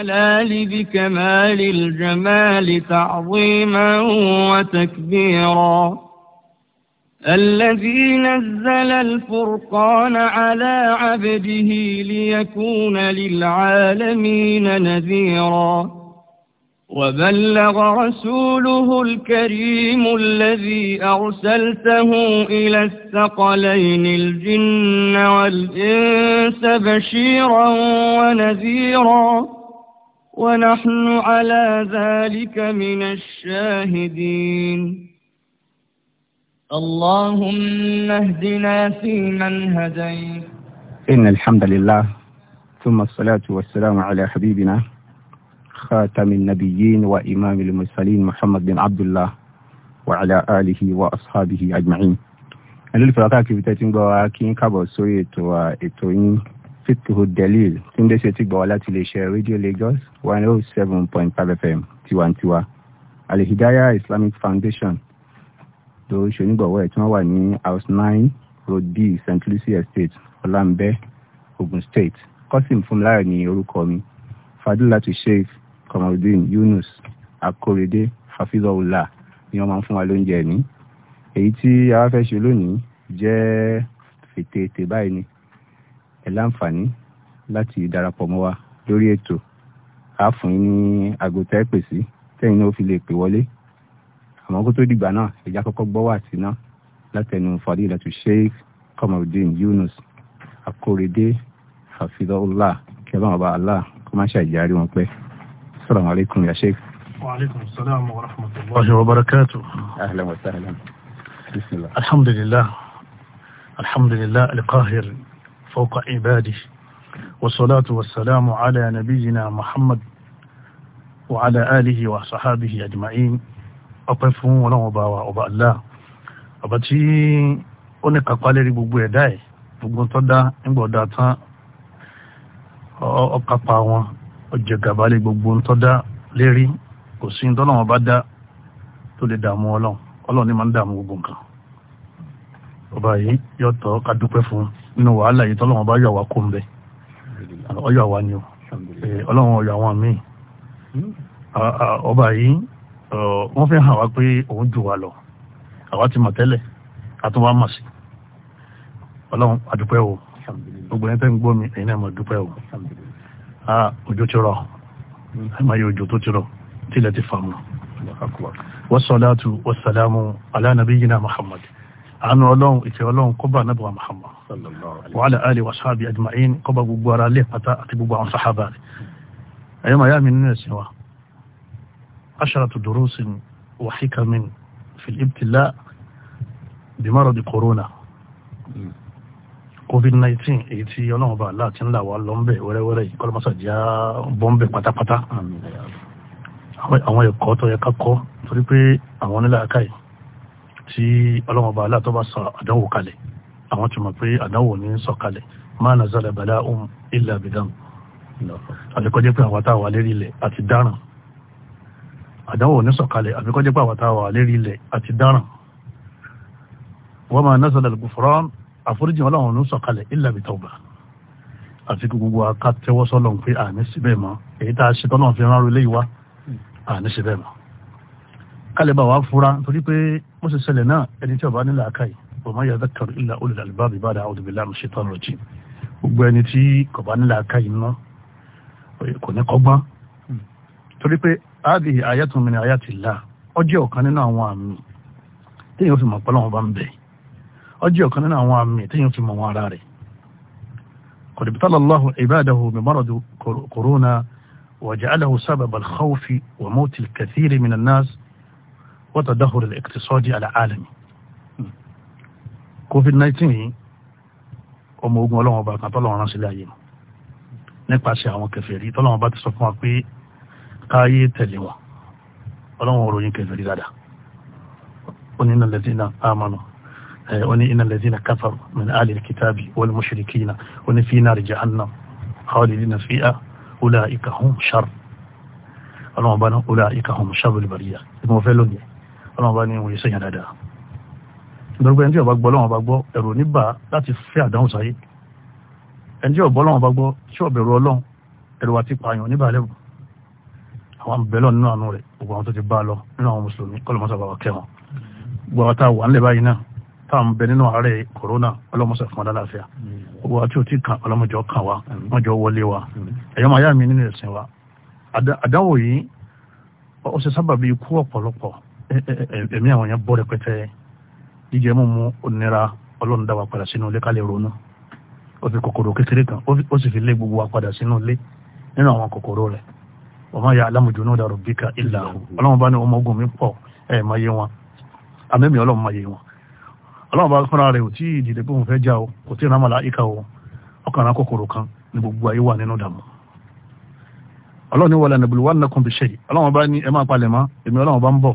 الجلال بكمال الجمال تعظيما وتكبيرا الذي نزل الفرقان على عبده ليكون للعالمين نذيرا وبلغ رسوله الكريم الذي أرسلته إلى الثقلين الجن والإنس بشيرا ونذيرا ونحن على ذلك من الشاهدين اللهم اهدنا فيمن هديت إن الحمد لله ثم الصلاة والسلام على حبيبنا خاتم النبيين وإمام المرسلين محمد بن عبد الله وعلى آله وأصحابه أجمعين. أنا ìfọ̀rọ̀ká kìí tẹ́tí ń gbọ́ wa kí fitru delil túndé ṣe ti gbọ́ wá láti iléeṣẹ́ rédíò Lagos one oh seven point five FM tiwantiwa alihidaya Islamic Foundation tó ṣonígbọ̀wọ́ ẹ̀ tí wọ́n wà ní house nine road b St Lucie Estate ọlámbẹ Ogun State Kọ́sìm Fúnmiláyọ̀ ní orúkọ mi Fadilatu Sheikh Kamaludin Yunus Akorede Hafizahullah ni wọ́n máa ń fún wa lóúnjẹ ní èyí tí a wá fẹ́ ṣe lónìí jẹ́ fètè ètè báyìí ni ẹ láǹfààní láti darapọ̀ mọ́ wa lórí ètò a fún yín ní aago tẹ́ pè sí tẹ́yìn náà ó fi lè pè wọlé àmọ́ kó tó dìgbà náà ẹ̀já kọ́kọ́ gbọ́ wà sí náà látẹnu fadilatu sheikh Kamaldeen Yunus akórèdé hafidhahullah kí ẹ bá wọn bá allah kó má ṣe wọn pẹ́ assalamu alaikum ya sheikh. wa alaikum ahlan wa sahlan. bismillah. alhamdulillah alqahir. فوق عباده والصلاة والسلام على نبينا محمد وعلى آله وصحابه أجمعين أقفون ولا أبا وأبا الله أبتي أنك قال بوبو يداي gbogbo tó dá nígbọ̀dá tán ọkàpá wọn ọjẹgàba lé gbogbo tó dá lérí kò sí tọ́nà wọn bá dá tó lè dààmú ọlọ́run ọlọ́run ní máa ń dààmú gbogbo nǹkan ọba yìí yọ̀tọ̀ ká dúpẹ́ fún un nínú wàhálà yìí tọ́lọ́wọ́n bá yà wá kó ń bẹ ọyọ àwa ni o eh, ọlọ́run ọyọ àwọn míì ọba yìí wọ́n fẹ́ hàn wá pé òun jù wá lọ àwa ti mọ̀ tẹ́lẹ̀ àtúnwá mọ̀ sí ọlọ́run àdúpẹ́ o gbogbo ẹni tẹ́ ń gbọ́ mi ẹ̀yin náà mọ̀ dúpẹ́ o òjò ti rọ̀ àmọ́ hmm. yóò òjò tó ti rọ̀ tilẹ̀ ti fàmù wassalatu wassalamu ala nabiyyina Muhammad àánú ọlọ́run ìtẹ́ ọlọ́run kọba anábọ̀wà Muhammad wa ala ali wa sahabi ajma'in kọba gbogbo ara lè pátá àti gbogbo àwọn sahaba rẹ̀ ẹ̀yọ́ màá yá mi nínú ẹ̀sìn wa asharatu durusin wa hikamin fil ibtila bi maradi corona covid-19 èyí tí ọlọ́run bá láti ńlá wa lọ́mbẹ̀ wẹ́rẹ́wẹ́rẹ́ ìkọlọmọsà já bọ́m̀bẹ̀ pátápátá àwọn ẹ̀kọ́ tó yẹ ká kọ́ torí pé àwọn onílà akáyìí tí ọlọ́mọba aláàtọ́bá sọ àdánwò kalẹ̀ àwọn tí mọ̀ pé àdánwò ní sọ kalẹ̀ máa nà zálẹ̀ bàlá ohun ilẹ̀ àbìdánù àbíkọ́jẹ́ pé àwọn táwà lérí ilẹ̀ àti dáràn àdánwò ní sọ kalẹ̀ àbíkọ́jẹ́ pé àwọn táwà lérí ilẹ̀ àti dáràn wọ́n máa nà zálẹ̀ gùfúrán àforíjì ọlọ́run ní sọ kalẹ̀ ilẹ̀ àbìtọ́gbà àti gbogbo akátẹ́wọ́sọ́lọ́n pé àní síbẹ̀ mọ́ èyí tá a ṣe tọ́lọ́n fi rán ro léyìí wá àní síbẹ̀ mọ́ kálíbà wàá fura torí pé bó ṣe ṣẹlẹ̀ náà ẹni tí ọba nílà aka yìí wa ma yadhakkaru illa ulul albab ba'da a'udhu billahi minash shaitanir rajim gbogbo ẹni tí ọba nílà aka yìí ná kò ní kọ́gbọ́n torí pé hadhihi ayatun min ayatillah ó jẹ́ ọ̀kan nínú àwọn àmì téèyàn fi mọ̀ pé Ọlọ́run bá ń bẹ ó jẹ́ ọ̀kan nínú àwọn àmì téèyàn fi mọ̀ wọn ara rẹ̀ قد ابتلى الله عباده بمرض كورونا وجعله سبب الخوف وموت الكثير من الناس وتدهور الاقتصادي العالمي covid-19 yìí ọmọ ogun ọlọ́wọ́n ọba kan tọ́lọ́wọ́n rán sílẹ̀ ayé mu nípasẹ̀ àwọn kèfèrí tọ́lọ́wọ́n bá ti sọ fún wa pé káyé tẹ̀lé wọn ọlọ́wọ́n ròyìn kèfèrí dáadáa ó ní innal ladhina amanu ó ní innal ladhina kafaru min alil kitabi wal mushrikina ó ní fi nari jahannam khalidina fiha ulaika hum sharr ọlọ́wọ́n bá ná ulaika hum sharrul bariyya ìmọ̀fẹ́ lónìí ọlọ́run bá ní ìwòye sẹ́yìn dáadáa ìdọ́gba ẹni tí ọba gbọ́ ọlọ́run bá gbọ́ ẹ̀rù níbà láti fẹ́ àdáhùn sáyé ẹni tí ọba ọlọ́run bá gbọ́ tí ọbẹ̀rù ọlọ́run ẹ̀rù àti pààyàn níbà lẹ́wọ̀ àwọn àbẹ̀lọ́ nínú àánú rẹ̀ gbogbo àwọn tó ti bá a lọ nínú àwọn mùsùlùmí kọlọmọsà bàbá kẹwọn gbogbo àwọn tá a wà ń lẹ̀ báyìí náà tá à wa wọn ẹ̀mí àwọn yẹn bọ́ rẹpẹtẹ jíjẹ mímu onira ọlọ́run dá wa padà sínú ilé ká lè ronú ó fi kòkòrò kékeré kan ó sì fi lé gbogbo wa padà sínú ilé nínú àwọn kòkòrò rẹ̀ wa ma ya'lamu junuda rabbika illa hu ọlọ́run bá ní ọmọ ogun mi pọ̀ ẹ̀ máa yé wọn àmẹ́mí ọlọ́run máa yé wọn ọlọ́run bá fúnra rẹ̀ ò tí ì dìde pé òun fẹ́ já o kò tí ì rán màláíkà o ọkàn rán kòkòrò kan ní gbogbo ayé wà nínú dààmú ọlọ́run ní wala nabluwannakum bi shay ọlọ́run bá ní ẹ máa palẹ̀ mọ́ èmi ọlọ́run bá ń bọ̀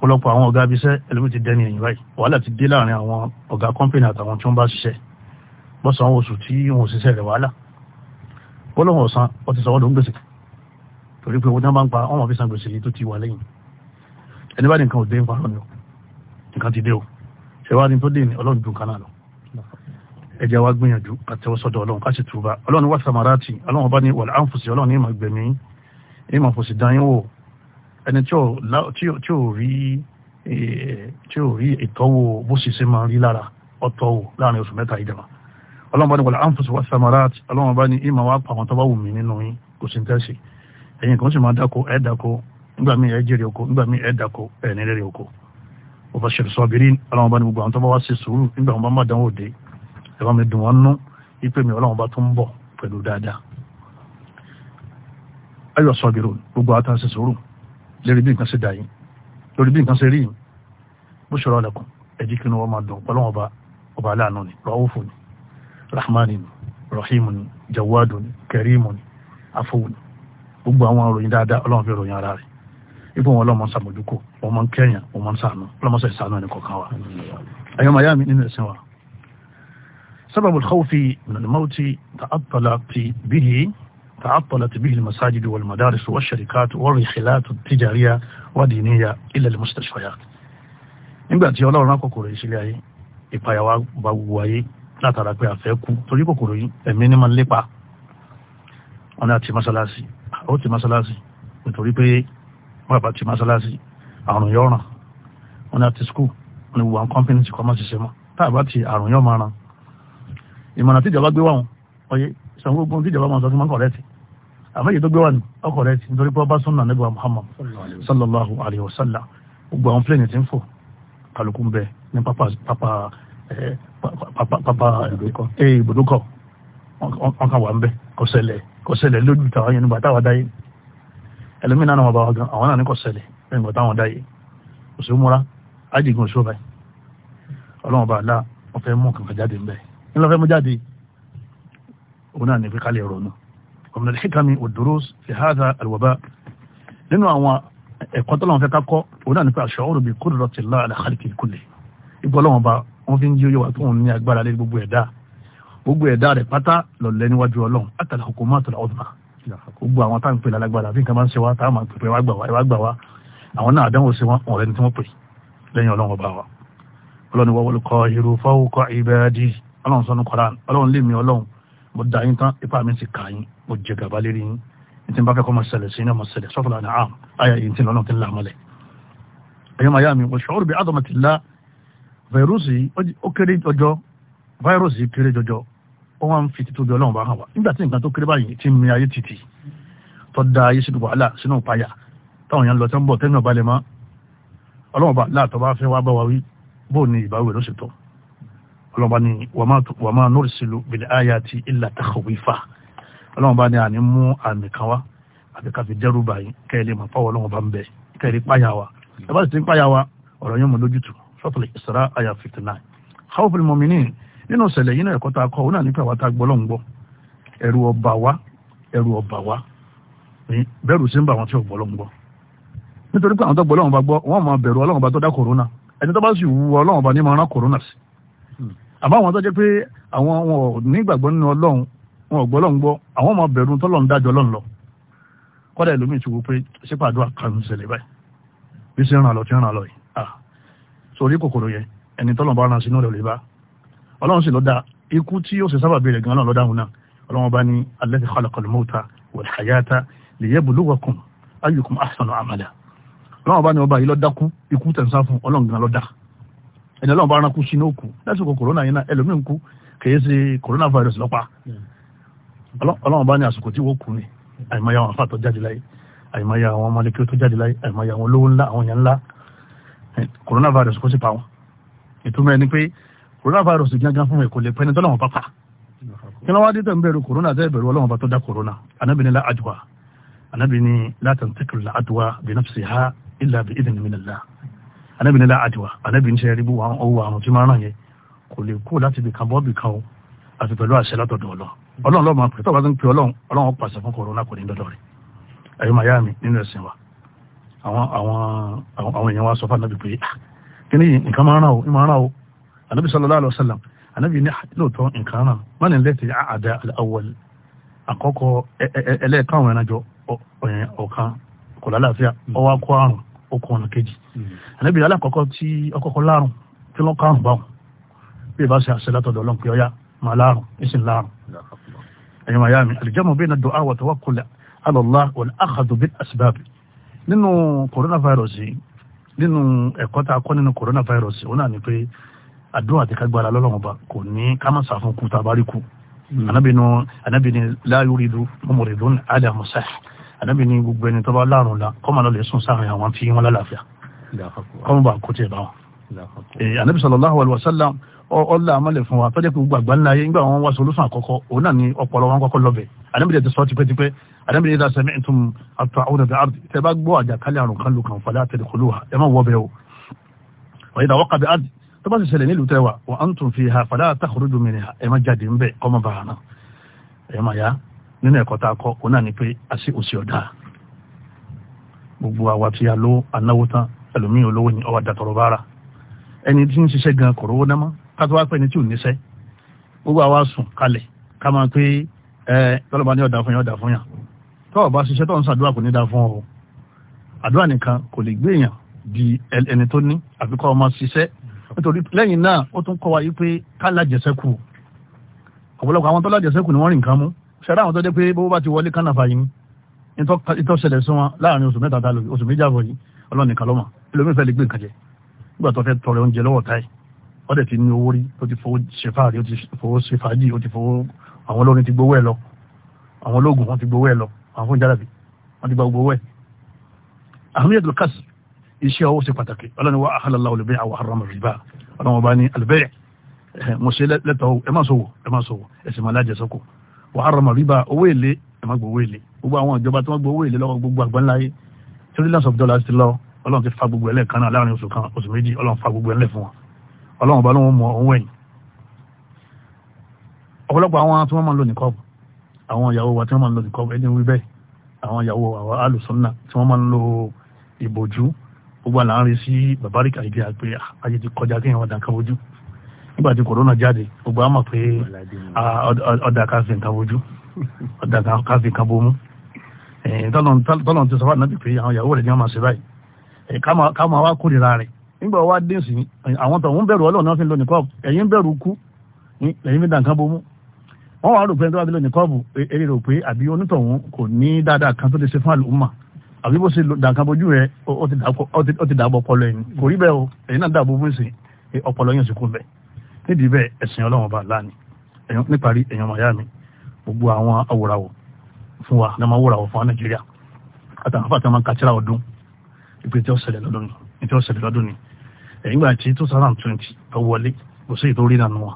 ọ̀pọ̀lọpọ̀ àwọn ọ̀gá abiṣẹ́ ẹlòmí ti dẹni ẹ̀yìn báyìí wàhálà ti dé láàrin àwọn ọ̀gá kọ́mpìnì àtàwọn tí wọ́n bá ṣiṣẹ́ bọ́sàn àwọn oṣù tí wọ́n ṣiṣẹ́ rẹ̀ wàhálà bọ́lọ́wọ́ san ọ ti sọ̀wọ́dọ̀ ń gbèsè torí pé owó tí wọ́n bá ń pa ọmọ fi san gbèsè yìí tó ti wà lẹ́yìn ẹni bá nìkan ò dé nǹkan lọ́nà nǹkan ti dé o ṣèwádìí tó dé ní ọlọ́run dùn kan lọ ẹ jẹ́ wá gbìyànjú àtẹwọ́ sọ́dọ̀ ọlọ́run ká sì túbà ọlọ́run wà sàmárà ọlọ́run bá ní wàlá àǹfòsì ọlọ́run ní ìmọ̀ gbẹ̀mí ìmọ̀ àǹfòsì dáyín ẹni tí ò rí e, tí ò rí ìtọ́wò bó sì ṣe máa rí lára ọ̀tọ̀wò láàrin oṣù mẹ́ta ìjọba ọlọ́run bá ní wọlé anfusu wa samarat ọlọ́run bá ní ìmọ̀ wa pa àwọn tó bá wù mí nínú yín kò sí tẹ́sí ẹ̀yin kan sì máa dáko ẹ̀ dáko nígbà míì ẹ̀ jèrè oko nígbà míì ẹ̀ dáko ẹ̀ nírèrè oko ọba ṣẹlẹ̀ sọ́bìrì ọlọ́run bá ní gbogbo àwọn tó bá wá sí sùúrù nígbà wọn bá má dánwò dé ẹ bá mi dùn wọn nú ipe mi ọlọ́run bá tún bọ̀ pẹ̀lú dáadáa ayọ̀ sọ́bìrì gbogbo àtàwọn sí sùúrù lérí bí nǹkan ṣe dà yín lórí bí nǹkan ṣe rí yín bó ṣọ̀rọ̀ ọlẹ́kùn ẹ̀jí kí ni wọ́n máa dùn ọlọ́wọ́n ọba ọba aláàánú ni rọ́wọ́fù ni rahmani ni rahimu ni jawadu ni kẹrìmù ni afọwù ni gbogbo àwọn òròyìn dáadáa ọlọ́wọ́n fi ròyìn ara rẹ̀ ipò wọn ọlọ́mọ sàmójúkò wọn máa ń wọn máa sànú ọlọ́mọ sọ ìsànú ẹni kọ̀ọ̀kan wa ẹ̀yọ́ màyá mi nínú ẹ̀sìn wa sábàbù khawfi min al-mawti ta'attala bihi تعطلت به المساجد والمدارس والشركات والرحلات التجارية والدينية إلى المستشفيات إن tí ọlọ́run rán kòkòrò yìí sílẹ̀ ayé ìpayà wa bá wù ayé látara pé àfẹ́ kú torí kòkòrò yìí ẹ̀mí ní máa ń lépa ọ̀nà àti mọ́sálásí ó ti mọ́sálásí nítorí pé wọ́n bá ti mọ́sálásí àrùn yóò ràn ọ̀nà àti skul ní gbogbo àwọn kọ́mpínì ti kọ́ mọ́ ṣiṣẹ́ mọ́ táàbá ti àrùn yóò máa ràn ìmọ̀nà tíjọba gbé wà wọn ọyẹ ìsàngógún tíjọba máa sọ fún mọ́kànlẹ́tì àfẹ́yẹ̀ tó gbé wà ní ọkọ̀ rẹ̀ nítorí pé ọba súnà nígbà Muhammad sallallahu alayhi wa sallam gbogbo àwọn plẹ̀nì tí ń fò kálukú ń bẹ ní pápá eh, ibùdókọ̀ eh, wọn kàn wà ń bẹ kò ṣẹlẹ̀ kò ṣẹlẹ̀ lójú tàwọn yẹn nígbà táwọn dáyé ẹlòmínà náà wọn bá wọn gan àwọn náà ní kò ṣẹlẹ̀ nígbà táwọn dáyé òṣèlú ọlọ́run bá aláà wọn fẹ́ kankan jáde ń bẹ nílọ́fẹ́ mú jáde òun náà ní fi kálẹ̀ ronú ومن الحكم والدروس في هذا الوباء لأنه هو قتلهم في كاكو ولا نفع الشعور بقدرة الله على خلقه كله يقول لهم بقى wọ́n fi ń jí yóò tó wọn ní agbára lé gbogbo ẹ̀dá gbogbo ẹ̀dá rẹ̀ pátá lọ́lẹ́ níwájú ọlọ́run àtàlẹ́ òkú máa tọ̀lá ọ̀dùnmá gbogbo àwọn táwọn pèlè alágbára bí nǹkan máa ń ṣe wá táwọn máa ń pèpè wá gbà wá ẹwà gbà wá àwọn náà àdánwò sí wọn ọ̀rẹ́ ni tí wọ́n pè lẹ́yìn ọlọ́run ọba wa ọlọ́run wọ́n wọ́n kọ irú fáwọ́kọ ìbẹ́ẹ́dì ọlọ́run sọnù ọlọ́run lè mi mo da yín tán ipá mi ti kà yín mo jẹ gàba lérí yín ní tí n bá fẹ́ kọ́ máa ṣẹlẹ̀ sí iná máa ṣẹlẹ̀ sọ́tọ̀ láàrín àrùn ayé yìí tí lọ́nà ti ń là mọ́lẹ̀ ẹ̀yọ́ màá yá mi wọ̀ṣọ́ òrùbí àdọ̀mọ̀tìlá fáírọ́ọ̀sì ó kéré jọjọ fáírọ́ọ̀sì kéré jọjọ ó wá ń fi títú bí ọlọ́run bá hàn wá nígbà tí nǹkan tó kéré báyìí ti mi ayé títì tó da ayé sínú wàhálà sínú ìpayà táwọn èèyàn lọ tó ń bọ̀ tẹ́nu ọ̀balẹ̀ mọ́ ọlọ́run bá láàtọ̀ bá fẹ́ wá bá wa wí bóò ni ìbáwẹ̀ ló ṣètò ọlọ́ba ni wà máa nursilu bil ti illa takhwifa ọlọ́ba ni àní mú àmì kan wá àti káfí dẹ́rù báyìí kẹ́lẹ́ mọ̀ fáwọn ọlọ́ba ń bẹ kẹ́lẹ́ páyà wa ẹ bá sì ti ń páyà wa ọ̀rọ̀ yẹn mọ̀ lójútù sọ́tàlẹ̀ ìsra àyà 59 khawful mu'minin nínú ìṣẹ̀lẹ̀ yìí náà ẹ̀kọ́ tá a kọ́ òun náà nípa àwátá gbọ́lọ́ngbọ́ ẹ̀rù ọba wa ẹ̀rù ọba wa bẹ́ẹ̀rù àmọ́ àwọn tó jẹ́ pé àwọn wọn ò nígbàgbọ́ nínú ọlọ́run wọn ò gbọ́ lọ́n gbọ́ àwọn ọmọ bẹ̀rù tọ́lọ̀ ń dájọ́ lọ́n lọ kọ́dà ìlú mi ti wo pé sípò àdúrà kan ń ṣẹlẹ̀ báyìí bí sí ràn lọ tí ràn lọ yìí ah sórí kòkòrò yẹn ẹni tọ́lọ̀ bá ràn sínú rẹ̀ lè bá ọlọ́run sì lọ́dà ikú tí yóò ṣe sábà bẹ̀rẹ̀ gan lọ́dà hùn náà ọlọ́run bá ní alladhi khalaqal mauta wal hayata liyabluwakum ayyukum ahsanu amala ọlọ́run bá ní ọba yìí lọ́dà ikú tẹ̀sán fún ọlọ́run gan lọ́dà ẹni ọlọ́run bá ránkú sínú òkú lásìkò kòrónà yìí náà ẹlòmíì ń kú kìí ṣe kòrónà virus lọ́pa ọlọ́run bá ní àsìkò tí wọ́n kú ni àìmọye àwọn afáàtọ̀ jáde láyé àìmọye àwọn ọmọlẹ́kẹ́ tó jáde láyé àìmọye àwọn olówó ńlá àwọn yẹn ńlá kòrónà virus kó sì pa wọn ìtumọ̀ ẹni pé kòrónà virus gángan fún ẹ̀kọ́ lè pẹ́ni tọ́lọ́wọ́n pápá kí wọ́n wá dé tẹ̀m̀bẹ̀rù anábì nílá àdìwà anábì ní sẹ́yìn ríbu owó àrùn tí máa ràn yẹn kò lè kú láti bìkan bọ́ bìkan o àti pẹ̀lú àṣẹ látọ̀dọ̀ ọlọ́run ọlọ́run lọ́mọ pé tọ́ba tó ń pe ọlọ́run ọlọ́run pàṣẹ fún kòrónà kò ní dọ́dọ̀ rẹ̀ ẹ̀yọ́ màá yá mi nínú ẹ̀sìn wa àwọn àwọn àwọn èèyàn wa sọ fún anábì pé ah, kí ni nǹkan máa ràn o ní máa ràn o anábì sallallahu alaihi wasallam anábì ní ah, lóòótọ́ nǹkan ràn mọ́ni lẹ́tì àdá al-awwal àkọ́kọ́ ẹlẹ́ẹ̀kan àwọn ẹranjọ ọ̀kan kò lálàáfíà ọwọ́ okùn ọ̀nà kejì hmm. ànábì alákọ̀ọ́kọ́ tí ọkọ̀ọ̀kọ́ láàrùn tí wọ́n kárùn báwọn bí ìbá ṣe àṣẹ látọ̀dọ̀ ọlọ́run pé ọyá máa láàrùn ìsìn láàrùn ẹ̀yìn màá yá mi àlìjámọ̀ bẹ́ẹ̀ náà du'a wa tawakkul ala Allah wal akhadhu bil asbab nínú coronavirus nínú ẹ̀kọ́ tá a kọ́ nínú coronavirus yìí ó pé àdúrà àti kágbára lọ́lọ́run ba ànábì ní gbogbo ẹni tó bá láàrùn la kọ́mọ lọ lè sùn sáàrin àwọn tí wọ́n lálàáfíà kọ́mọ bá kó tiẹ̀ bá wọn. ànábì sallallahu alaihi wasallam ọlá amálẹ̀ fún wa tọ́jẹ́ pé gbogbo ńlá yé nígbà wọn wá solúsàn àkọ́kọ́ òun náà ni ọpọlọ wọn kọ́kọ́ lọ́bẹ̀ ànábìlẹ̀ ti sọ tipẹ́tipẹ́ ànábìlẹ̀ ìdá sẹ́mi ìtum àtọ̀ àwọn ọ̀dọ̀ àrùn tẹ́ bá gbọ́ àjàkálẹ̀ àrùn kan lù kàn fàlẹ́ àtẹ̀lẹ̀ kọlù wa ẹ má wọ́ bẹ́ẹ̀ o wọ́n ìdá wọ́kà bẹ́ àd tó bá sì ṣẹlẹ̀ nílùú tẹ́ wa wọ́n á tún fi ha fàlẹ́ àtàkùrú jù mí ni ẹ má jáde ń bẹ́ kọ́mọ bàrà náà ẹ má yá nínú ẹ̀kọ́ tá a kọ́ òun náà ni pé a sì òsì ọ̀dà gbogbo àwa tí a ló anáwó tán ẹlòmíì olówó ni ọwọ́ dàtọ̀rọ̀ bára ẹni tí ń ṣiṣẹ́ gan kò rówó námọ́ ká tó wá pé ẹni tí ò níṣẹ́ gbogbo àwa sùn kalẹ̀ ká máa pé ẹ tọ́lọ́ba ní ọ̀dà fún yàn ọ̀dà fún yàn tọ́wọ́ bá ṣiṣẹ́ tó ń ṣàdúrà kò ní dá fún ọ àdúrà nìkan kò lè gbé èèyàn di ẹni tó ní àfikọ́ ọmọ ṣiṣẹ́ nítorí lẹ́yìn náà ó tún kọ́ wa yí pé ká lájẹsẹ́kù ọ̀pọ̀lọpọ̀ àwọn tó lájẹsẹ́kù ni wọ́n rìn kan mú sẹ́rà àwọn tó dé pé bó bá ti wọlé kánàfà yìí ìtọ́ ṣẹlẹ̀ sí wọn láàrin oṣù mẹ́ta tá lò oṣù méjì àbọ̀ yìí ọlọ́ni kalọ́mà ẹlòmíì fẹ́ lè gbé nǹkan jẹ nígbà tó fẹ́ tọrẹ oúnjẹ lọ́wọ́ táì ó dẹ̀ ti ní owó rí ó ti fowó ṣèfáàrí ó ti fowó ṣèfàájì ó ti fowó àwọn olórin ti gbowó ẹ lọ àwọn ológun wọn ti gbowó ẹ lọ àwọn fún jálàbí wọn ti gba gbowó ẹ. ahamiyatul kas iṣẹ́ owó ṣe pàtàkì ọlọ́ni wa ahalala olùbẹ́ àwọn haram riba ọlọ́wọ́n bá ní alibẹ́ mo ṣe lẹ́tọ̀ọ́ ẹ má sọ̀wọ́ ẹ má sọ̀wọ́ ẹ̀sìn máa lájẹsọ́kọ̀ọ́ wàhárọ̀mọ̀ rìbá owó èlé ẹ má gbowó èlé gbogbo àwọn ìjọba tí wọ́n gbowó èlé lọ́wọ́ gbogbo àgbáńláyé trillions of dollars ti lọ ọlọ́run ti fa gbogbo ẹlẹ́ kan náà láàrin oṣù kan oṣù méjì ọlọ́run fa gbogbo ẹlẹ́ fún wọn ọlọ́run ọba lóun mọ òun ẹ̀yìn ọ̀pọ̀lọpọ̀ àwọn tí wọ́n máa ń lò ní kọ́ọ̀bù àwọn ìyàwó wa tí wọ́n máa ń lò ní kọ́ọ̀bù ẹni wí bẹ́ẹ̀ àwọn ìyàwó àwọn alùsọ́nà tí wọ́n máa ń lo ìbòjú gbogbo àlàárín sí bàbáríkà ìgbé àgbé ayé ti kọjá kéèyàn ọ̀dà kan ojú nígbà tí corona jáde gbogbo àmọ̀ pé ọ̀dà káfí nǹkan bojú ọ̀dà káfí nǹkan bomú tọ́lọ̀ ti sọ́fà náà pé àwọn ìyàwó rẹ̀ ní ọmọ ṣe báyìí ká máa wá kórìíra rẹ̀ nígbà wá dé sí àwọn tó ń bẹ̀rù ọlọ́run náà fi ń lo nìkọ́ọ̀bù ẹ̀yin bẹ̀rù kú ẹ̀yin fi dà nǹkan bomú wọ́n wá rò pé ẹni tó bá fi lo nìkọ́ọ̀bù eré rò pé àbí onítọ̀hún kò ní dáadáa kan tó lè ṣe fún àlùmà àbí bó ṣe dà bojú rẹ̀ ó ti dàbọ̀ ọpọlọ ẹ̀yìn kò rí bẹ́ẹ̀ o ẹ̀yin náà dàbọ̀ fún ìsìn ọpọlọ yẹn sì kú bẹ́ẹ̀ nídìí bẹ́ẹ̀ ẹ̀sìn ọlọ́run ọba láàánì níparí èèyàn màyá mi gbogbo àwọn awòràwọ̀ fún wa ní ọmọ awòràwọ̀ fún wa nàìjíríà àtàwọn afáàtà máa ń kàtírà ọdún ìpè tí ó ṣẹlẹ̀ lọ́dún ni tí ó ṣẹlẹ̀ lọ́dún ni ẹ̀yìn gbà tí two twenty tó wọlé kò sí ìtòrí nànú wa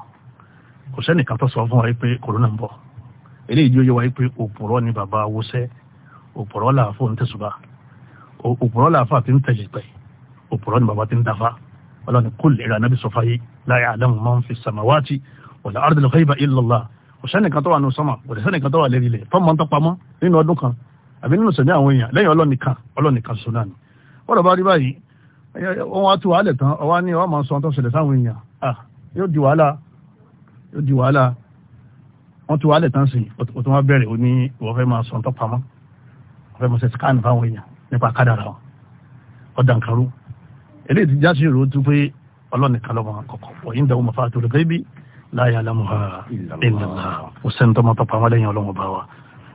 kò sẹ́nìkan tó sọ fún wa pé kòrónà ń bọ̀ eléyìí jó yé wa pé òpùrọ̀ ni bàbá awosẹ́ òpùrọ̀ làáfò ń tẹ̀sùbà òpùrọ̀ làáfà ti ń tẹ̀sùbà ni bàbá ti ọlọ́ni kúl ìrà nàbí sọ fáyé la ya'lamu man fi samawati wal ardi al-ghayba illa Allah òṣèlú kan tó wà nù sọ́mà òṣèlú kan tó wà lérí ilẹ̀ fọ́ọ̀mù ọ̀tọ́ pamọ́ nínú ọdún kan àbí nínú sẹ̀mí àwọn èèyàn lẹ́yìn ọlọ́nìkan ọlọ́nìkan sọ náà ni wọ́n bá rí báyìí wọ́n á tu wàhálẹ̀ tán ọwá ní ọwá máa sọ ọtọ́ ṣẹlẹ̀ sáwọn èèyàn yóò di wàhálà yóò di wàhálà wọ́n tu wàhálẹ̀ tán sí o tó wá bẹ̀rẹ̀ o ní ìwọ fẹ́ máa sọ ọtọ́ pamọ́ o fẹ́ máa ṣe scan fáwọn èèyàn nípa kádàrà wọn ọ̀dàǹkarú eléyìí ti jásí ìrò tó pé ọlọ́nìkan lọ́mọ àkọ́kọ́ wọ̀nyí dáwọ́ mọ́fà tó lè gẹ́bí láyà lámùhà ìlànà òsèǹ tó máa tọpa wọn lẹ́yìn ọlọ́mọ bá wa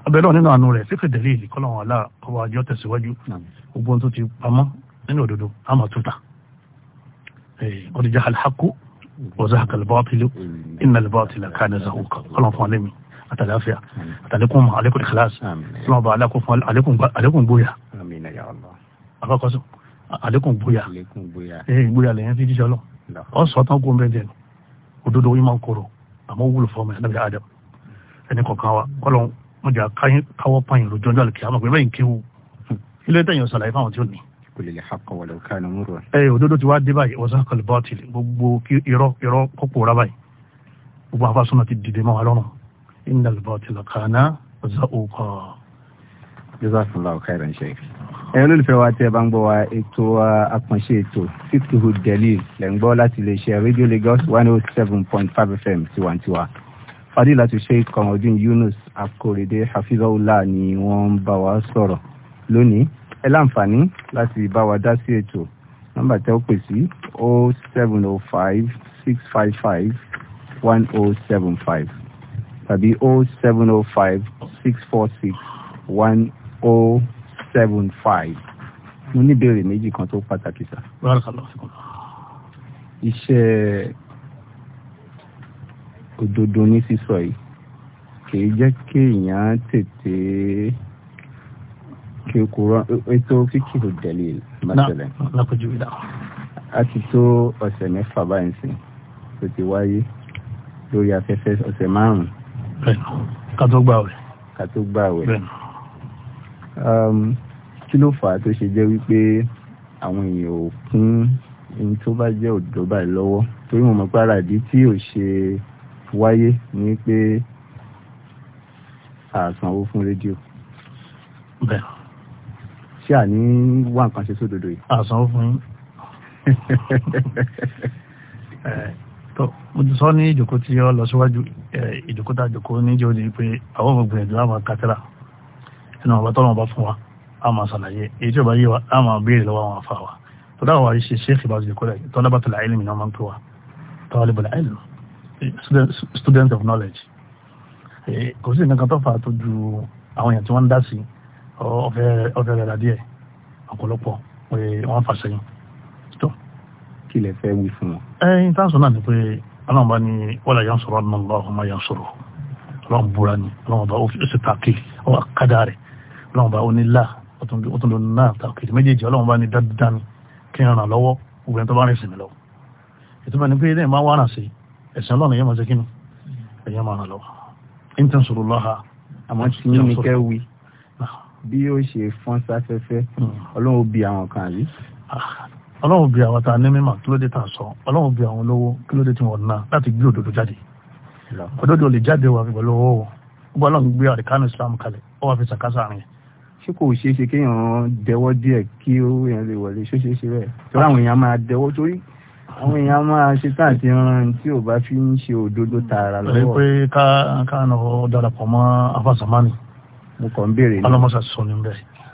abẹ́lẹ́ wọn nínú àánú rẹ̀ fífi dẹ̀lé ìlì kọ́lọ́wọ́n alá ọwọ́ àjọ tẹ̀síwájú gbogbo tó ti pamọ́ nínú òdodo àmọ́ tuta wọ́n ti eh, já alhaku wọ́n zahaka albatilu inna albatila kana zahuka kọ́lọ́wọ́n fún àlékún gbóyà gbóyà lẹ́yìn tí jíjẹ́ lọ ọ sọ tán kó ń bẹ́ẹ̀ jẹ́ ni òdodo yìí máa ń kóró àmọ́ wúlò fọmọ ẹ̀ nàbẹ̀ adam ẹni kọ̀ọ̀kan wa kọ́lọ́n wọn jà káwọ́ pààyàn lójú ọjọ́ àlùkè àmọ́ pé bẹ́ẹ̀ ń kéwu ilé tẹ̀yìn ọ̀sán láì fáwọn tí ó ní. ẹ òdodo ti wá dé báyìí wọ́n sọ bọ́ọ̀tìlì gbogbo irọ́ irọ́ kọ́pọ̀ rà báyìí gbogbo afásúná ti dìde mọ́ wa lọ́rùn ẹ̀yin olólùfẹ́ wa tí ẹ bá ń gbọ́ wa ètò àkànṣe ètò fiftyhood delhi lẹ̀ ń gbọ́ láti iléeṣẹ́ radio Lagos one oh seven point five FM tiwantiwa fadilatu sheikh kamaldeen Yunus akorede hafizahullah ni wọ́n ń bá wa sọ̀rọ̀ lónìí ẹ láǹfààní láti bá wa dá sí ètò nọ́mbà tẹ́ ó pè sí oh seven oh five six five five one oh seven five tàbí oh seven oh five six four six one oh seven five mo ní ìbéèrè méjì kan tó pàtàkì sá. iṣẹ́ òdodo ní sísọ yìí kìí jẹ́ kéèyàn tètè kí o kò rán ètò kíkì tó tẹ̀lé mọ́tẹ́lẹ̀. a ti tó ọ̀sẹ̀ mẹ́fà báyìí sí tó ti wáyé lórí afẹ́fẹ́ ọ̀sẹ̀ márùn-ún. ká tó gbààwẹ̀. ká tó gbààwẹ̀ kí ló fà á tó ṣe jẹ́ wípé àwọn èèyàn ò kún ẹni tó bá jẹ́ òdòdó báyìí lọ́wọ́ torí mo mọ̀ pé ara ìdí tí ò ṣe wáyé ni pé àsanwó fún rédíò. bẹ́ẹ̀ ṣé àní wà nǹkan ṣe sódodo yìí. àsanwó fún yín. tó mo ti sọ ní ìjòkó tí ó lọ síwájú ìjòkó tá a jòkó níjó ni pé àwọn ọmọ gbìyànjú láwọn kátẹ́rà sínú àwọn tọ́lọ́wọ́n bá fún wa a máa ṣàlàyé èyí tí ó bá yé a máa béèrè lọ́wọ́ àwọn afá wa tó dáwọ́ wa ṣe ṣéèkì bá ṣe kúrẹ́ talabatul ilmi náà máa ń pè wá talibul ilm student of knowledge kò sí nǹkan tó fà á tó ju àwọn èèyàn tí wọ́n ń dá sí ọ̀fẹ́ rẹ̀ díẹ̀ ọ̀pọ̀lọpọ̀ wọ́n fà sẹ́yìn tó. kí lè fẹ́ wí fún wọn. ẹ ẹ tá a sọ náà ni pé ọlọ́run bá ní wala yansuranna Allahu man yansuruhu ọlọ́run búra ni ọlọ́run bá ó sì ta kí ọ ọlọ́run bá onílà ó tún lò náà tàkìrì méjèèjì ọlọ́run bá ní dandan kí n ràn lọ́wọ́ obìnrin tó bá rìn sinmi lọ ìtumọ̀ ní pé ilé ìmọ̀ wà ràn sí ẹ̀sìn ọlọ́run yẹn máa ṣe kínú ẹ̀yẹ máa ràn lọ́wọ́ in tẹ́ ń sọ̀rọ̀ lọ́ha àmọ́ tí yín ní kẹ́ wí ah. bí ó ṣe fọ́n sáfẹ́fẹ́ hmm. ọlọ́run bí àwọn kan rí. Ah. ọlọ́run bí àwọn tá a ní mímọ̀ kí ló dé tá sọ ọlọ́run bí àwọn olówó kí ló dé tí wọ́n ná láti gbé òdodo jáde ṣé kò ṣeé ṣe kéèyàn dẹwọ́ díẹ̀ kí ó èèyàn lè wọlé ṣó ṣeé ṣe bẹ́ẹ̀ torí àwọn èèyàn máa dẹwọ́ torí àwọn èèyàn máa ṣe tán àti ran tí ò bá fi ń ṣe òdodo tààrà lọ́wọ́. pé ká ká nà ọ darapọ̀ mọ́ afasamani. mo kàn ń béèrè ní. ọlọmọṣà sọ ní bẹ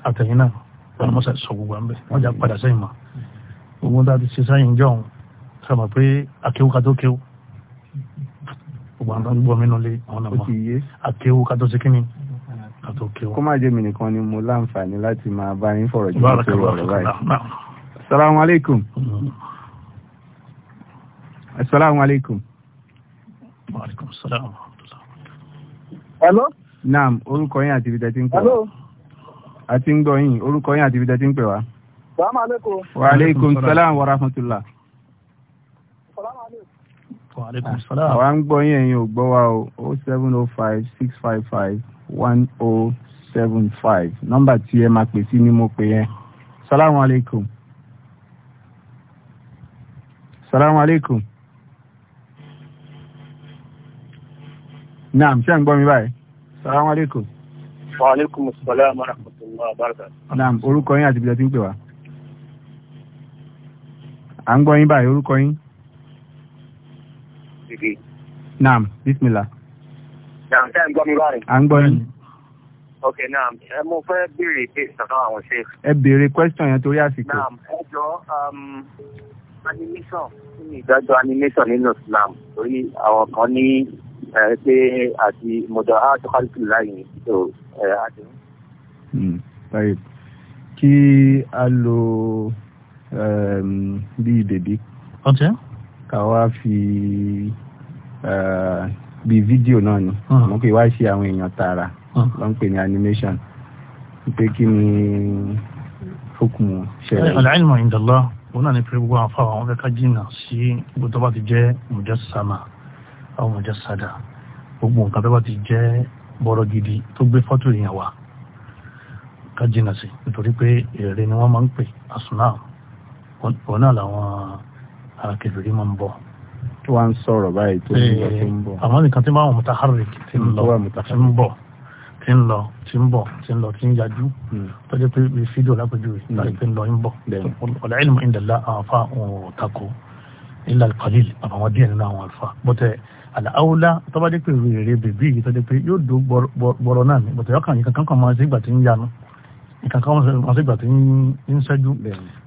àtẹ̀yìn náà ọlọmọṣà sọ gbogbo à bẹ wọn jà padà sẹ́yìn mọ gbogbo tá ti ṣe sẹ́yìn jọhún sábà pé akéwù ká tó gbogbo àwọn tó ń àwọn náà kó má jẹ́ mi nìkan ni mo láǹfààní láti máa bá yín fọ̀rọ̀ jù lọ sórí báyìí. asalaamu aleykum. asalaamu aleykum. salaam. hello. naam orúkọ yín àti ibi tẹ́ ti ń pè wá. hello. àti ń gbọ́ yín orúkọ yín àti ibi ti ń pè wá. salaamu aleykum. wa aleykum salaam wa rahmatulah. salaamu aleykum. wa aleykum salaam. àwa ń gbọ́ yín ẹ̀yin ò gbọ́ wa o oh one oh seven five nọ́mbà tí ẹ máa pè sí ni mo pè yẹn salamu aleykum salamu aleykum naam ṣé ń gbọ́ mi báyìí salamu aleykum. wa aleykum salaam wa rahmatulah barakatu. naam orúkọ yín àti ibi tí ń pè wá. à ń gbọ́ yín báyìí orúkọ yín. naam bismillah à ń gbọ́ yín. ok naam ẹ mo fẹ́ béèrè case kankan àwọn ṣe. ẹ béèrè question yẹn torí àsìkò. naam ẹ jọ um, animation kí ni ìdájọ́ animation nínú Islam torí àwọn kan ní pé àti mọ̀dà á tó kálukú àti. Hmm, kí a lo um, bí bèbí. ọ̀tẹ́. ká wá fi bíi fídíò náà ni ah. àmọ́ pé wá ṣe àwọn èèyàn tààrà ah. ló ń pè ní animation pé kí ni fókùn ṣẹlẹ̀. aláìní mọ̀ òun náà ni pé gbogbo àwọn afáwọn àwọn fẹ́ká jìnnà sí gbogbo tó bá ti jẹ́ mùjẹ́sàmà àwọn mùjẹ́sàdà gbogbo nǹkan tó bá ti jẹ́ bọ́rọ̀ gidi tó gbé fọ́tò èèyàn wá ká jìnnà sí nítorí pé èrè ni wọ́n máa ń pè àsùnà òun náà làwọn arákẹ́fẹ̀rí máa ń bọ̀ tí wọ́n ń sọ̀rọ̀ báyìí tó ń lọ tó ń bọ̀. àwọn nìkan tí máa ń mutaharrik tí ń lọ tí ń bọ̀ tí ń lọ tí ń bọ̀ tí ń lọ tí ń yajú hmm. tó jẹ́ pé fídíò lápẹjúwe hmm. láti pé ń lọ ń bọ̀ ọ̀là ilmu indala àwọn afa òun tako ilà alqalil àbàwọn díẹ̀ nínú àwọn alfa bọ́tẹ̀ àlàáwòlá tó bá dé pé rèrè bèbí yìí tó jẹ́ pé yóò dó gbọ́rọ̀ náà ní bọ́tẹ̀ ọkàn yìí kankan máa ṣe ìgbà tí ń yanu kankan máa ṣe ìgbà tí ń ṣẹ́jú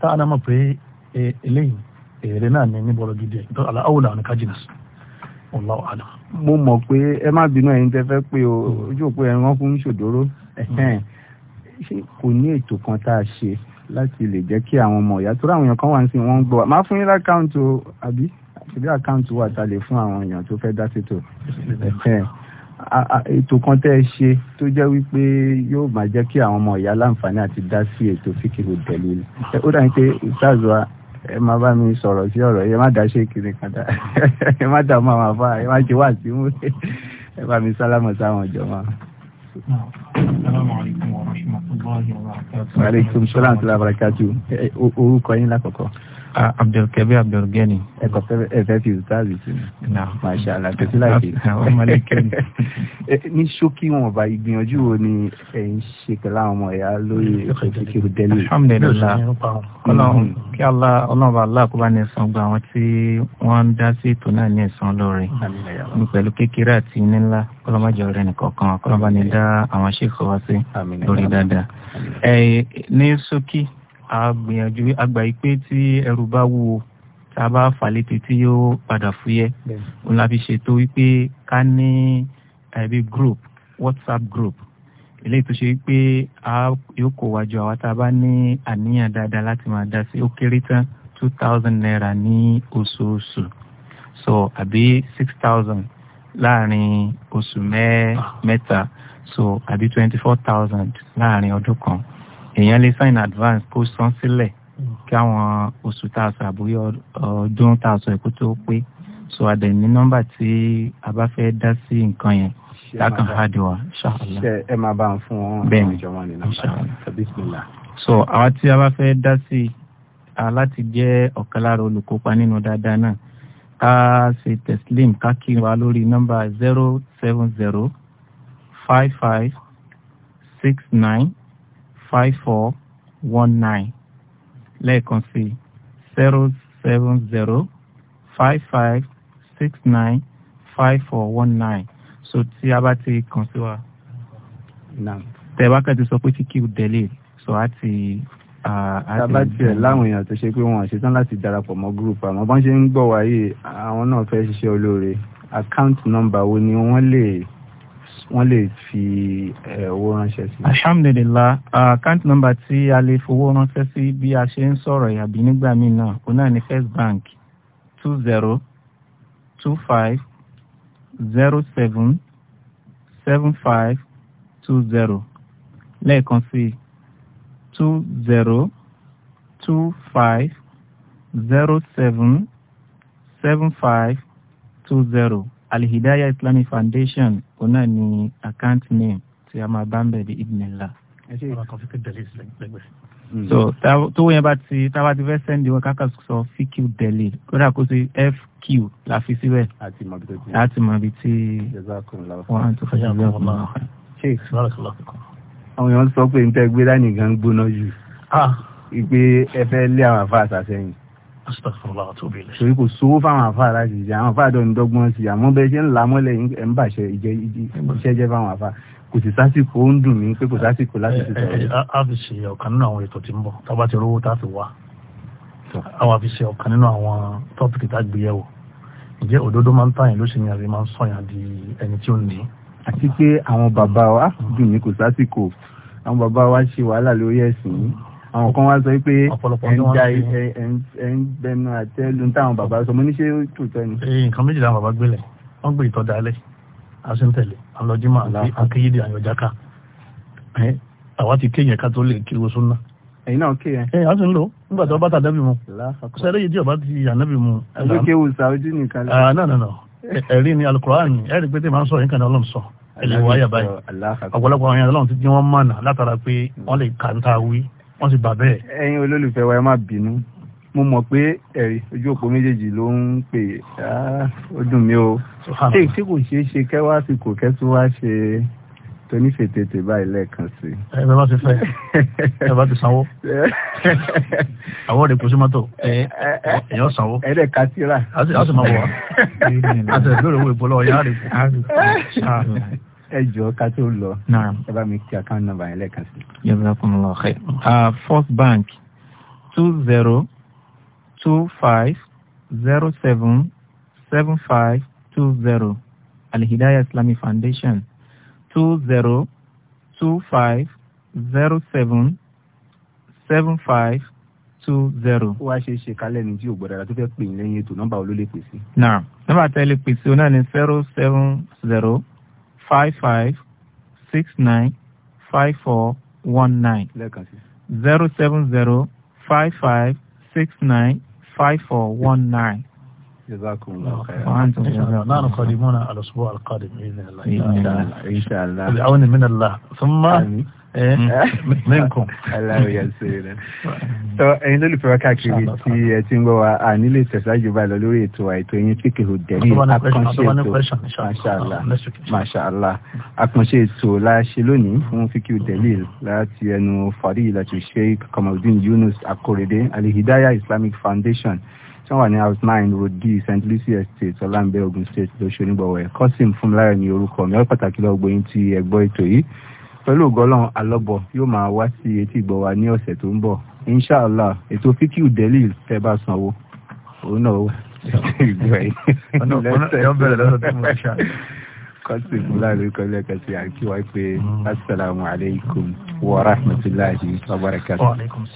tá a náà mọ̀ pé eh, eléyìí èrè náà ní níbọ̀rọ̀ gidi ẹ̀ nítorí aláwòlà ní kájínà sí wallahu alam. mo mọ̀ pé ẹ má bínú ẹ̀yin tẹ́ fẹ́ pé hmm. ojú òpó ẹ̀ wọ́n fún ṣòdóró ṣé kò ní ètò kan tá a ṣe láti lè jẹ́ kí àwọn ọmọ ìyá tó ráwọn èèyàn kan wà nísìnyí wọ́n ń gbọ́ máa fún yín lákàǹtò àbí àbí àkáǹtò wà tá a lè fún àwọn èèyàn tó fẹ́ dá sétò ètò kan tẹ́ ẹ ṣe tó jẹ́ wípé yóò máa jẹ́ kí àwọn ọmọ ìyá láǹfààní àti dá sí ètò fíkìrì tẹ̀lé ó dàbí pé ìsáàzọ́ ẹ má bá mi sọ̀rọ̀ sí ọ̀rọ̀ ẹ má dá ṣe kiri kàdá ẹ má dá mọ́ àwọn afá ẹ má ṣe wà sí mú ẹ bá mi sálámọ̀ sáwọn ìjọ máa. Wa alaikum salaam wa Orúkọ yín lákọ̀ọ́kọ́. Abdulkabi Abdulgani. Ẹ̀kọ́ fẹ́ fi ìtàzì sí mi. Masha Allah tẹ̀sí láìpẹ́. Ní ṣókí wọn bá ìgbìyànjú wo ni ẹ̀ ń ṣe pẹ̀lú àwọn ọmọ ẹ̀yà lórí ìfẹ̀kìkì mm. òdẹ́lẹ̀. Alhamdulillah. Ọlọ́run mm-hmm. kí Ọlọ́run bá Allah kó bá ní ẹ̀san gba àwọn tí wọ́n ń dá sí ètò náà ní ẹ̀san lóore. Ní pẹ̀lú kékeré àti nílá, kọ́lọ́májọ rẹ̀ nìkọ̀ọ̀kan, kọ́lọ́ agbìyànjú àgbà yìí pé tí ẹrù bá wúwo tá a bá fà létí tí yóò padà fúyẹ́ òun la fi ṣètò wípé ká ní ẹbí group whatsapp group eléyìí tó ṣe wípé a yóò kó wájú àwa tá a bá ní àníyàn dáadáa láti máa dá sí ó kéré tán two thousand naira ní oṣooṣù so àbí six thousand láàrin oṣù ah. mẹ́ta so àbí twenty four thousand láàrin ọdún kan èèyàn lè sign advance kó san sílẹ̀ kí àwọn oṣù tá a sọ àbúrí ọdún tá a sọ èkó tó pé so a dẹ̀ ní nọ́mbà tí a bá fẹ́ dá sí nǹkan yẹn lákàn hádìwà ṣáàlá. ṣe ẹ máa bá ń fún wọn bẹ́ẹ̀ ni so àwọn tí a bá fẹ́ dá sí láti jẹ́ ọ̀kan lára olùkópa nínú dáadáa náà ká ṣe teslim ká kí wa lórí nọ́mbà zero seven zero five five six nine five four one nine lẹ́ẹ̀kan sí zero seven zero five five six nine five four one nine so tí a bá ti kàn sí wa. tẹ̀ bá kàtí sọ pé kíkí ò délé so a ti tàbá tiẹ̀ láwọn èèyàn tó ṣe pé wọn àṣetán láti darapọ̀ mọ́ group àmọ́ bọ́n ṣe ń gbọ́ wáyé àwọn náà fẹ́ ṣiṣẹ́ olóore account number wo ni wọ́n lè wọ́n lè fi owó ránṣẹ́ sí. alhamdulillah account number tí a lè fowó ránṣẹ́ sí bí a ṣe ń sọ̀rọ̀ yàbí nígbà míì náà òun náà ni first bank two zero two five zero seven seven five two zero lẹ́ẹ̀kan sí two zero two five zero seven seven five two zero alihidaya islamic foundation òun náà ni account name tí a máa bá ń bẹ̀ di ibnillah. ẹ ṣe ìwà kan fi kéde dalil lẹ́gbẹ̀ẹ́. Hmm. so tó yẹn bá ti tá a bá ti fẹ́ sẹ́ndì wọn káka sọ fq dalil kódà kó sí fq la fi síbẹ̀ láti mọ ibi tí wọ́n tó fẹ́ ṣe ọmọ ọ̀hún. àwọn èèyàn sọ pé n tẹ́ gbé dání gan gbóná jù ah. ìpè ẹ fẹ́ lé àwọn àfa àtàsẹ́yìn astagfirullah àtúbí ilẹ̀. torí kò sówó fáwọn àfáà láti jẹ àwọn àfáà dọ̀ ń dọ́gbọ́n sí àmọ́ bẹ́ẹ̀ ṣe ń là mọ́lẹ̀ ẹ̀ ń bàṣẹ iṣẹ́ jẹ́ fáwọn àfáà kò sì sásìkò ó ń dùn mí pé kò sásìkò láti ṣe eh, sọ̀rọ̀. Eh, eh, a fi ṣe ọ̀kan nínú àwọn ètò tí ń bọ̀ tá bá ti rówó tá fi wá a wá fi ṣe ọ̀kan nínú àwọn tọ́pìkì di ẹni tí ó ní. àwọn bàbá wa dùn mí kò wa ṣe wàhálà lórí ẹ̀sìn àwọn kan wá sọ pé ẹ̀ ń bẹnu àtẹ́lu táwọn bàbá sọ mo ní ṣé tòótọ́ ni. Eh, nǹkan méjì làwọn bàbá gbélẹ̀ wọ́n gbé ìtọ́jà alẹ́ àṣẹ́ntẹ̀lẹ̀ àlọ́jímọ̀ àkéyédè àyọ̀jáká àwa ti kéyìn ẹ̀ka tó lè kiri oṣù náà. ẹ̀yin náà kéyìn. ẹ eh, á sì ń lò nígbà tí wọ́n bá ta dábì mu sẹ́rẹ́ yìí tí ọba ti ànábì mu. ẹ̀rọ kéwù sàójú nìkan lẹ́yìn. náà náà ẹ̀rí ni alukur'an ẹ̀rí pé tí màá sọ yín kan ní ọlọ́run sọ ẹ̀lẹ́wọ̀ ayà báyìí ọ̀pọ̀lọpọ̀ àwọn yẹn ọlọ́run ti dín wọn mọ̀nà látara pé wọ́n lè kà ń ta wí wọ́n sì bà bẹ́ẹ̀. ẹ̀yin olólùfẹ́ wa ẹ má bínú mo mọ̀ pé ẹ̀rí ojú òpó méjèèjì ló ń pè ah, ó dùn mí o ṣé tí kò ṣeé ṣe kẹ́wàá sí kò wá ṣe tónífètètè báyìí lẹ́ẹ̀kan sí. ẹ bá ti fẹ́ ẹ bá ti sanwó àwọn ọ̀rẹ́ kò sí mọ́tò èèyàn sanwó. ẹ dẹ̀ ka síra. a sì máa bọ̀ wá a sì lórí owó ìbọ̀lọ́ ọ̀yà rẹ̀ kù. ẹ jọ ká tó lọ ẹ bá mi kí account number yẹn lẹ́ẹ̀kan sí jazakumullah khair. Uh, first bank two zero two five zero seven seven five two zero alihidaya islamic foundation two zero two five zero seven seven five two zero. ó wá ṣe é ṣe kálẹ̀ ní tí ò gbọ́dọ̀ tó fẹ́ pè ní lẹ́yìn ètò nọ́mbà olólè pèsè. náà nọ́mbà tẹ́lẹ̀ pèsè ó náà ní zero seven zero five five six nine five four one nine zero seven zero five five six nine five four one nine. جزاكم الله خير خيرا نحن قادمون على الأسبوع القادم بإذن الله ان شاء الله بالعون من الله ثم منكم aláwọ̀ yà sí rẹ̀ so ẹ̀yin lólùfẹ́ wa káàkiri tí ẹ ti ń gbọ́ wa à nílé ìtẹ̀síwájú báyìí lọ lórí ètò àìtó ẹ̀yin fíkì hòdẹ́rì àkànṣe ètò mashallah mashallah àkànṣe ètò láṣẹ lónìí fún fíkì hòdẹ́rì láti ẹnu fàdí ìlàtúnṣe Kamaludin Yunus Akorede Alihidaya Islamic Foundation tí wọ́n wà ní house nine road d st lucie estate ọlámbẹ ogun state lóṣù onígbọ̀wọ́ ẹ̀ kọ́sìm fúnmiláyọ̀ ní orúkọ mi ọ́ pàtàkì lọ́gbọ yín tí ẹ gbọ́ ètò yìí pẹ̀lú ògọ́lọ́n alọ́bọ̀ yóò máa wá sí etí ìgbọ́ wa ní ọ̀sẹ̀ tó ń bọ̀ inshàlá ètò fíkì délì tẹ́ bá sanwó òun náà ìgbẹ́ kọ́sìm fúnmiláyọ̀ orúkọ lẹ́kẹ̀ sí àkíwá pé mm. assalamu alaikum wa rahmatulahi wa barakatuh.